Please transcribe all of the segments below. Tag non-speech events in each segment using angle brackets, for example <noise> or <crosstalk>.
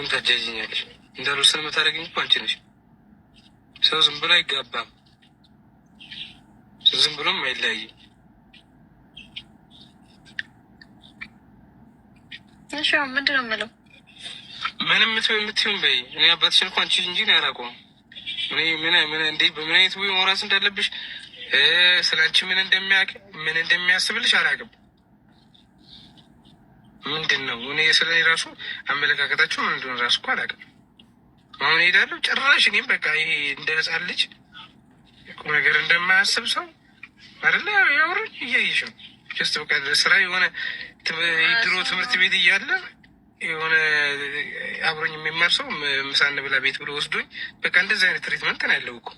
እኔም ታጃጅኛለሽ። እንዳሉ የምታደርገኝ እኮ አንቺ ነሽ። ሰው ዝም ብሎ አይጋባም፣ ዝም ብሎም አይለያይም። እሺ ምንድን ነው የምለው? ምንም የምትይውን በይ። እኔ አባትሽን እኮ አንቺ እንጂ ነው ያላውቀውም። በምን አይነት ወይ ወራስ እንዳለብሽ ስለ አንቺ ምን እንደሚያቅ ምን እንደሚያስብልሽ አላውቅም። ምንድን ነው እኔ ስለ ራሱ አመለካከታቸው ምን እንደሆነ ራሱ እኮ አላውቅም። አሁን ሄዳለሁ ጭራሽ እኔም በቃ ይሄ እንደ ህፃን ልጅ ነገር እንደማያስብ ሰው አደለ ያውረ እያየሽ ነው ስ በቃ ስራ የሆነ ድሮ ትምህርት ቤት እያለ የሆነ አብሮኝ የሚማር ሰው ምሳ እንብላ ቤት ብሎ ወስዶኝ በቃ እንደዚህ አይነት ትሪትመንት ነው ያለው እኮ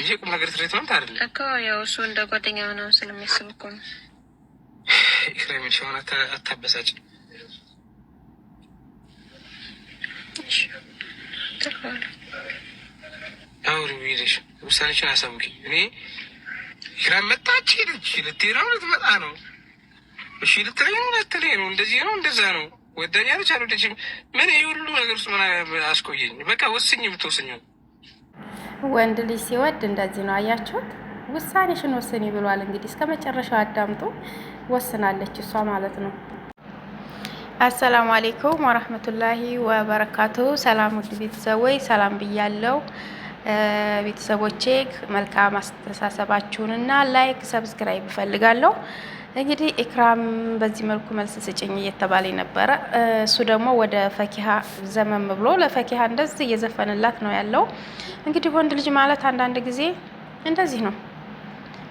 እንጂ ቁም ነገር ትሪትመንት አይደለም እኮ። ያው እሱ እንደ ጓደኛ ሆነ ስለሚያስብ እኮ ነው። ኢክራም ሲሆን አታበሳጭ። አውሪ ብዬሽ ውሳኔሽን እኔ መጣች ሄደች፣ ልትመጣ ነው፣ እሺ ልትለኝ ነው ነው፣ እንደዚህ ነው እንደዛ ነው፣ ወዳኛለች አልወደችም፣ ምን ሁሉ ነገር ውስጥ አስቆየኝ። በቃ ወስኝ፣ ወንድ ልጅ ሲወድ እንደዚህ ነው። አያችሁት? ውሳኔሽን ወስኝ ብሏል። እንግዲህ እስከ መጨረሻው አዳምጡ። ወስናለች እሷ ማለት ነው። አሰላሙ አሌይኩም ወረህመቱላሂ ወበረካቱ። ሰላም ውድ ቤተሰቦች ሰላም ብያለው። ቤተሰቦቼ መልካም አስተሳሰባችሁንና ላይክ፣ ሰብስክራይብ እፈልጋለሁ። እንግዲህ ኢክራም በዚህ መልኩ መልስ ስጭኝ እየተባለ ነበረ። እሱ ደግሞ ወደ ፈኪሃ ዘመም ብሎ ለፈኪሃ እንደዚህ እየዘፈንላት ነው ያለው። እንግዲህ ወንድ ልጅ ማለት አንዳንድ ጊዜ እንደዚህ ነው።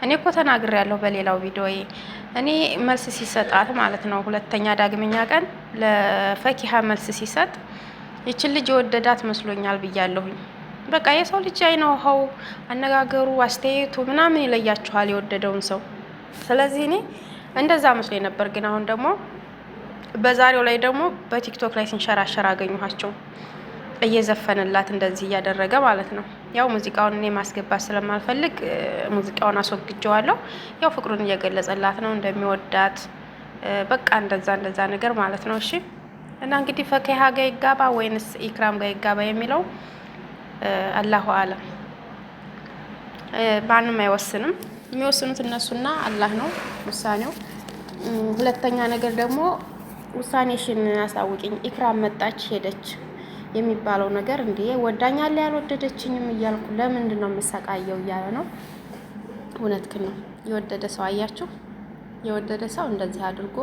እኔ እኮ ያለሁ በሌላው ቪዲዮ እኔ መልስ ሲሰጣት ማለት ነው። ሁለተኛ ዳግመኛ ቀን ለፈኪሀ መልስ ሲሰጥ ይችን ልጅ የወደዳት መስሎኛል ብያለሁኝ። በቃ የሰው ልጅ አይነ ውሀው፣ አነጋገሩ፣ አስተያየቱ ምናምን ይለያችኋል የወደደውን ሰው። ስለዚህ እኔ እንደዛ መስሎ ነበር። ግን አሁን ደግሞ በዛሬው ላይ ደግሞ በቲክቶክ ላይ ሲንሸራሸር አገኘኋቸው እየዘፈንላት እንደዚህ እያደረገ ማለት ነው። ያው ሙዚቃውን እኔ ማስገባት ስለማልፈልግ ሙዚቃውን አስወግጀዋለሁ። ያው ፍቅሩን እየገለጸላት ነው እንደሚወዳት በቃ እንደዛ እንደዛ ነገር ማለት ነው። እሺ እና እንግዲህ ፈኪሀ ጋ ይጋባ ወይንስ ኢክራም ጋ ይጋባ የሚለው አላሁ አለም ማንም አይወስንም። የሚወስኑት እነሱና አላህ ነው ውሳኔው። ሁለተኛ ነገር ደግሞ ውሳኔሽን አሳውቂኝ። ኢክራም መጣች ሄደች የሚባለው ነገር እንዲ ወዳኛል ያልወደደችኝም እያልኩ ለምንድን ነው የምሰቃየው እያለ ነው። እውነትክ ነው። የወደደ ሰው አያችሁ፣ የወደደ ሰው እንደዚህ አድርጎ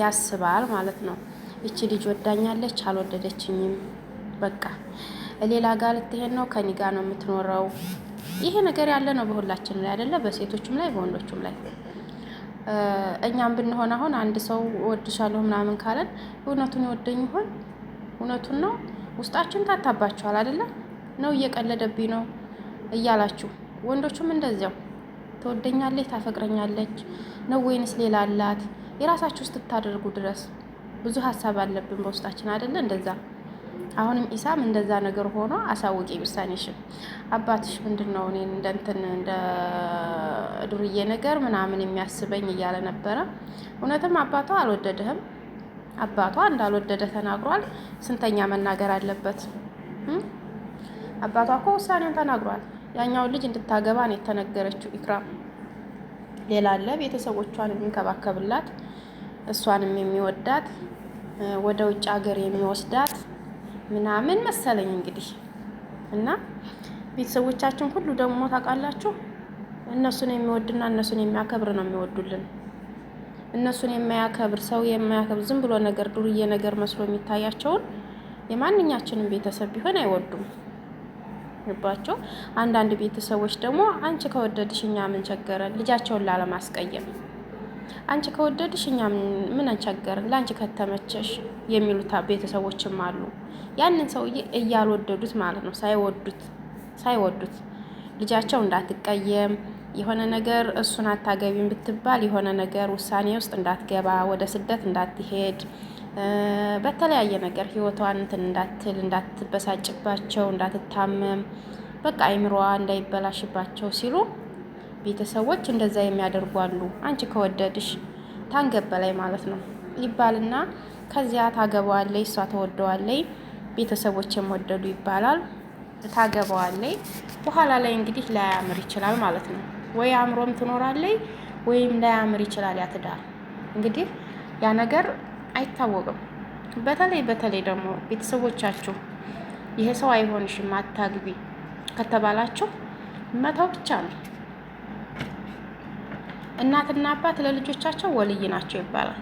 ያስባል ማለት ነው። እቺ ልጅ ወዳኛለች አልወደደችኝም፣ በቃ ሌላ ጋር ልትሄድ ነው፣ ከኔ ጋር ነው የምትኖረው። ይሄ ነገር ያለ ነው በሁላችን ላይ አይደለ? በሴቶችም ላይ በወንዶችም ላይ እኛም ብንሆን አሁን አንድ ሰው ወድሻለሁ ምናምን ካለን እውነቱን ይወደኝ ይሆን? እውነቱን ነው ውስጣችሁን ታታባችኋል አይደለ? ነው እየቀለደብኝ ነው እያላችሁ ወንዶቹም እንደዚያው ትወደኛለች፣ ታፈቅረኛለች ነው ወይንስ ሌላ አላት? የራሳችሁ እስክታደርጉ ድረስ ብዙ ሀሳብ አለብን በውስጣችን አይደለ? እንደዛ አሁንም ኢሳም እንደዛ ነገር ሆኖ አሳውቂ ውሳኔሽን። አባትሽ ምንድን ነው እኔን እንደ እንትን እንደ ዱርዬ ነገር ምናምን የሚያስበኝ እያለ ነበረ። እውነትም አባቷ አልወደድህም አባቷ እንዳልወደደ ተናግሯል። ስንተኛ መናገር አለበት? አባቷ እኮ ውሳኔውን ተናግሯል። ያኛውን ልጅ እንድታገባ ነው የተነገረችው ኢክራም። ሌላ አለ፣ ቤተሰቦቿን የሚንከባከብላት፣ እሷንም የሚወዳት፣ ወደ ውጭ ሀገር የሚወስዳት ምናምን መሰለኝ እንግዲህ እና ቤተሰቦቻችን ሁሉ ደግሞ ታውቃላችሁ፣ እነሱን የሚወድና እነሱን የሚያከብር ነው የሚወዱልን። እነሱን የማያከብር ሰው የማያከብር ዝም ብሎ ነገር ዱርዬ ነገር መስሎ የሚታያቸውን የማንኛችንም ቤተሰብ ቢሆን አይወዱም ልባቸው አንዳንድ ቤተሰቦች ደግሞ አንቺ ከወደድሽ እኛ ምን ቸገረን፣ ልጃቸውን ላለማስቀየም አንቺ ከወደድሽ እኛ ምን አንቸገርን፣ ለአንቺ ከተመቸሽ የሚሉት ቤተሰቦችም አሉ። ያንን ሰውዬ እያልወደዱት ማለት ነው፣ ሳይወዱት ሳይወዱት ልጃቸው እንዳትቀየም የሆነ ነገር እሱን አታገቢም ብትባል የሆነ ነገር ውሳኔ ውስጥ እንዳትገባ፣ ወደ ስደት እንዳትሄድ፣ በተለያየ ነገር ህይወቷን እንትን እንዳትል፣ እንዳትበሳጭባቸው፣ እንዳትታመም፣ በቃ አይምሮዋ እንዳይበላሽባቸው ሲሉ ቤተሰቦች እንደዛ የሚያደርጉ አሉ። አንቺ ከወደድሽ ታንገብ በላይ ማለት ነው ይባልና ከዚያ ታገባዋለይ፣ እሷ ተወደዋለይ፣ ቤተሰቦች ወደዱ ይባላል ታገባዋለይ። በኋላ ላይ እንግዲህ ላያምር ይችላል ማለት ነው። ወይ አምሮም ትኖራለይ ወይም ላያምር ይችላል። ያትዳር እንግዲህ ያ ነገር አይታወቅም። በተለይ በተለይ ደግሞ ቤተሰቦቻችሁ ይሄ ሰው አይሆንሽም አታግቢ ከተባላችሁ መተው ብቻ ነው። እናትና አባት ለልጆቻቸው ወልይ ናቸው ይባላል።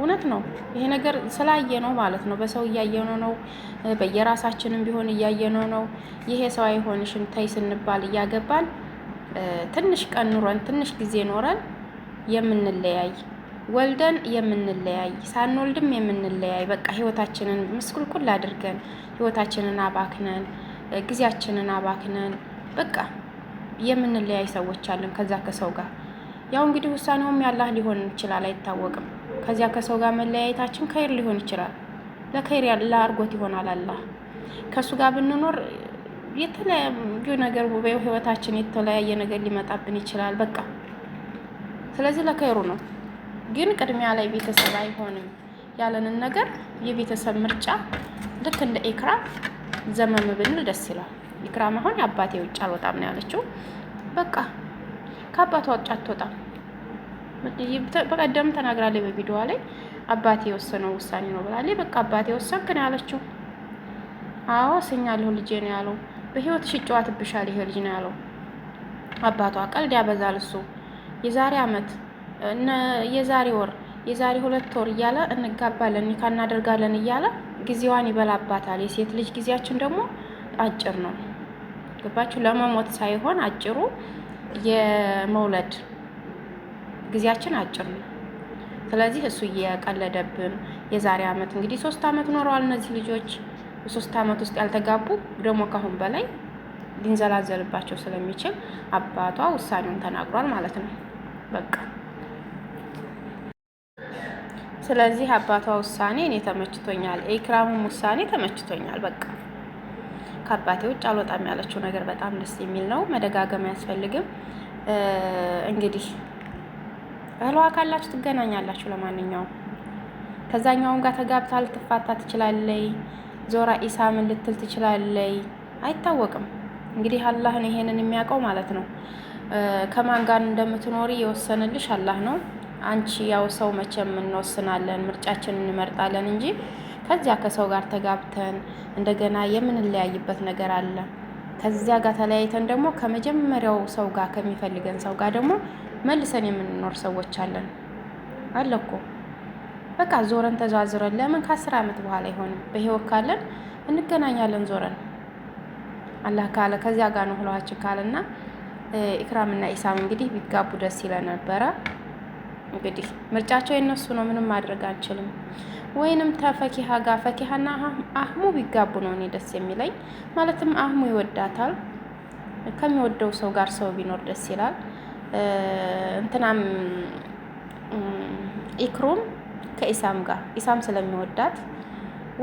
እውነት ነው። ይሄ ነገር ስላየ ነው ማለት ነው። በሰው እያየነው ነው፣ በየራሳችንም ቢሆን እያየነው ነው። ይሄ ሰው አይሆንሽም ተይ ስንባል እያገባን ትንሽ ቀን ኑረን ትንሽ ጊዜ ኖረን የምንለያይ ወልደን የምንለያይ ሳንወልድም የምንለያይ በቃ ህይወታችንን ምስቁልቁል አድርገን ህይወታችንን አባክነን ጊዜያችንን አባክነን በቃ የምንለያይ ሰዎች አለን። ከዛ ከሰው ጋር ያው እንግዲህ ውሳኔውም ያላህ ሊሆን ይችላል፣ አይታወቅም። ከዚያ ከሰው ጋር መለያየታችን ከይር ሊሆን ይችላል፣ ለከይር ለአርጎት ይሆናል አላህ ከእሱ ጋር ብንኖር የተለያዩ ነገር በህይወታችን የተለያየ ነገር ሊመጣብን ይችላል። በቃ ስለዚህ ለከይሩ ነው፣ ግን ቅድሚያ ላይ ቤተሰብ አይሆንም ያለንን ነገር የቤተሰብ ምርጫ ልክ እንደ ኢክራም ዘመም ብንል ደስ ይላል። ኢክራም አሁን አባቴ ውጭ አልወጣም ነው ያለችው። በቃ ከአባቷ ውጭ አትወጣም። በቀደም ተናግራለች በቪዲዮዋ ላይ አባቴ የወሰነው ውሳኔ ነው ብላለች። በቃ አባቴ ወሰንክ ነው ያለችው። አዎ ስኛለሁ ልጄ ነው ያለው። በህይወትሽ ይጨዋትብሻል ይሄ ልጅ ነው ያለው አባቷ። ቀልድ ያበዛል እሱ። የዛሬ አመት የዛሬ ወር የዛሬ ሁለት ወር እያለ እንጋባለን ኒካ እናደርጋለን እያለ ጊዜዋን ይበላባታል። የሴት ልጅ ጊዜያችን ደግሞ አጭር ነው። ገባችሁ? ለመሞት ሳይሆን አጭሩ የመውለድ ጊዜያችን አጭር ነው። ስለዚህ እሱ እየቀለደብን የዛሬ አመት እንግዲህ ሶስት አመት ኖረዋል እነዚህ ልጆች በሶስት ዓመት ውስጥ ያልተጋቡ ደግሞ ከአሁን በላይ ሊንዘላዘልባቸው ስለሚችል አባቷ ውሳኔውን ተናግሯል ማለት ነው። በቃ ስለዚህ አባቷ ውሳኔ እኔ ተመችቶኛል፣ ኤክራምም ውሳኔ ተመችቶኛል። በቃ ከአባቴ ውጭ አልወጣም ያለችው ነገር በጣም ደስ የሚል ነው። መደጋገም አያስፈልግም። እንግዲህ እህሏ ካላችሁ ትገናኛላችሁ። ለማንኛውም ከዛኛውም ጋር ተጋብታ ልትፋታ ትችላለይ? ዞራ ኢሳ ምን ልትል ትችላለይ? አይታወቅም። እንግዲህ አላህን ይሄንን የሚያውቀው ማለት ነው። ከማን ጋር እንደምትኖሪ የወሰንልሽ አላህ ነው። አንቺ ያው ሰው መቼም እንወስናለን፣ ምርጫችንን እንመርጣለን እንጂ ከዚያ ከሰው ጋር ተጋብተን እንደገና የምንለያይበት ነገር አለ። ከዚያ ጋር ተለያይተን ደግሞ ከመጀመሪያው ሰው ጋር ከሚፈልገን ሰው ጋር ደግሞ መልሰን የምንኖር ሰዎች አለን አለኮ። በቃ ዞረን ተዟዝረን ለምን ከአስር ዓመት በኋላ ይሆን በህይወት ካለን እንገናኛለን ዞረን አላህ ካለ ከዚያ ጋር ነው ህለዋችን ካለና ኢክራምና ኢሳም እንግዲህ ቢጋቡ ደስ ይለ ነበረ። እንግዲህ ምርጫቸው የነሱ ነው፣ ምንም ማድረግ አንችልም። ወይንም ተፈኪሃ ጋር ፈኪሃና አህሙ ቢጋቡ ነው እኔ ደስ የሚለኝ። ማለትም አህሙ ይወዳታል፣ ከሚወደው ሰው ጋር ሰው ቢኖር ደስ ይላል። እንትናም ኢክሩም ከኢሳም ጋር ኢሳም ስለሚወዳት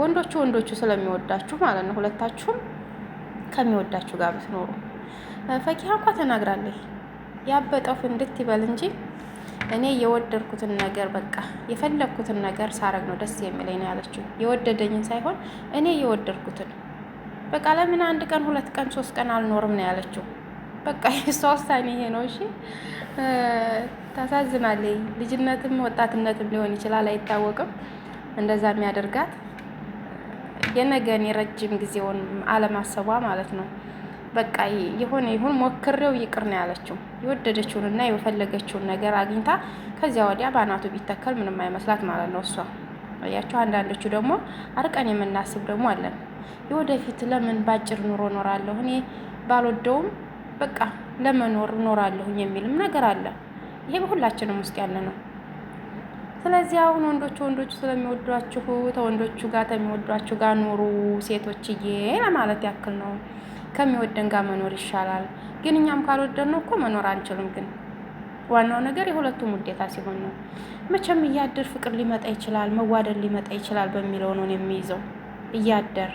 ወንዶቹ ወንዶቹ ስለሚወዳችሁ ማለት ነው። ሁለታችሁም ከሚወዳችሁ ጋር ብትኖሩ ፈኪሀ እንኳ ተናግራለች። ያበጠው ፍንድት ይበል እንጂ እኔ የወደድኩትን ነገር በቃ የፈለግኩትን ነገር ሳረግ ነው ደስ የሚለኝ ነው ያለችው። የወደደኝን ሳይሆን እኔ የወደድኩትን በቃ ለምን አንድ ቀን ሁለት ቀን ሶስት ቀን አልኖርም ነው ያለችው። በቃ <laughs> የእሷ ውሳኔ ይሄ ነው። እሺ ታሳዝናለኝ። ልጅነትም ወጣትነትም ሊሆን ይችላል አይታወቅም። እንደዛ የሚያደርጋት የነገን የረጅም ጊዜውን አለማሰቧ ማለት ነው። በቃ የሆነ ይሁን ሞክሬው ይቅር ነው ያለችው። የወደደችውንና የፈለገችውን ነገር አግኝታ ከዚያ ወዲያ በአናቱ ቢተከል ምንም አይመስላት ማለት ነው። እሷ እያቸው አንዳንዶቹ ደግሞ አርቀን የምናስብ ደግሞ አለን። የወደፊት ለምን ባጭር ኑሮ እኖራለሁ እኔ ባልወደውም በቃ ለመኖር እኖራለሁኝ የሚልም ነገር አለ። ይሄ በሁላችንም ውስጥ ያለ ነው። ስለዚህ አሁን ወንዶቹ ወንዶቹ ስለሚወዷችሁ ተወንዶቹ ጋር ተሚወዷችሁ ጋር ኑሩ ሴቶችዬ ለማለት ያክል ነው። ከሚወደን ጋር መኖር ይሻላል። ግን እኛም ካልወደን ነው እኮ መኖር አንችልም። ግን ዋናው ነገር የሁለቱም ውዴታ ሲሆን ነው። መቼም እያደር ፍቅር ሊመጣ ይችላል፣ መዋደድ ሊመጣ ይችላል በሚለው ነው የሚይዘው እያደር